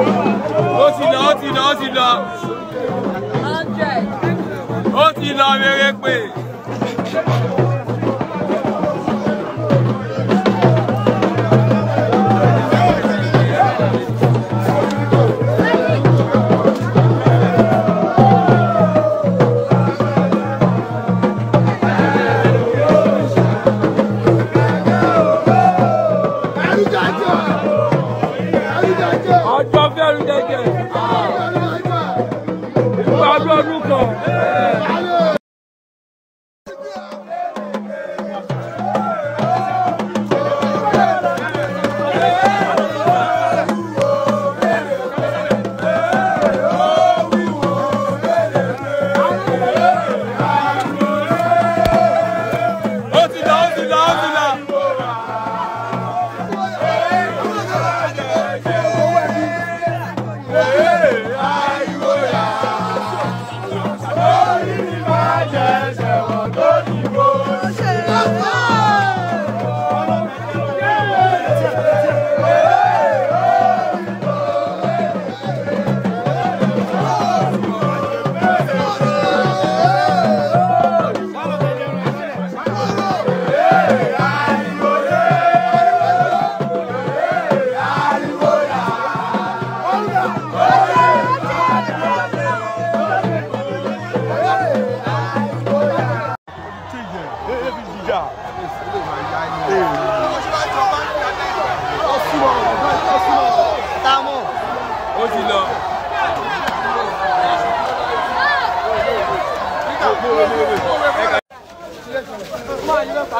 ó ti lọ ó ti lọ ó ti lọ ó ti lọ rere pé. Love, love, love.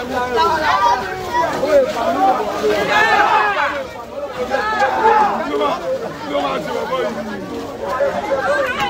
来来来！我也是。来来来！兄弟们，兄弟们，兄弟们，不好意思。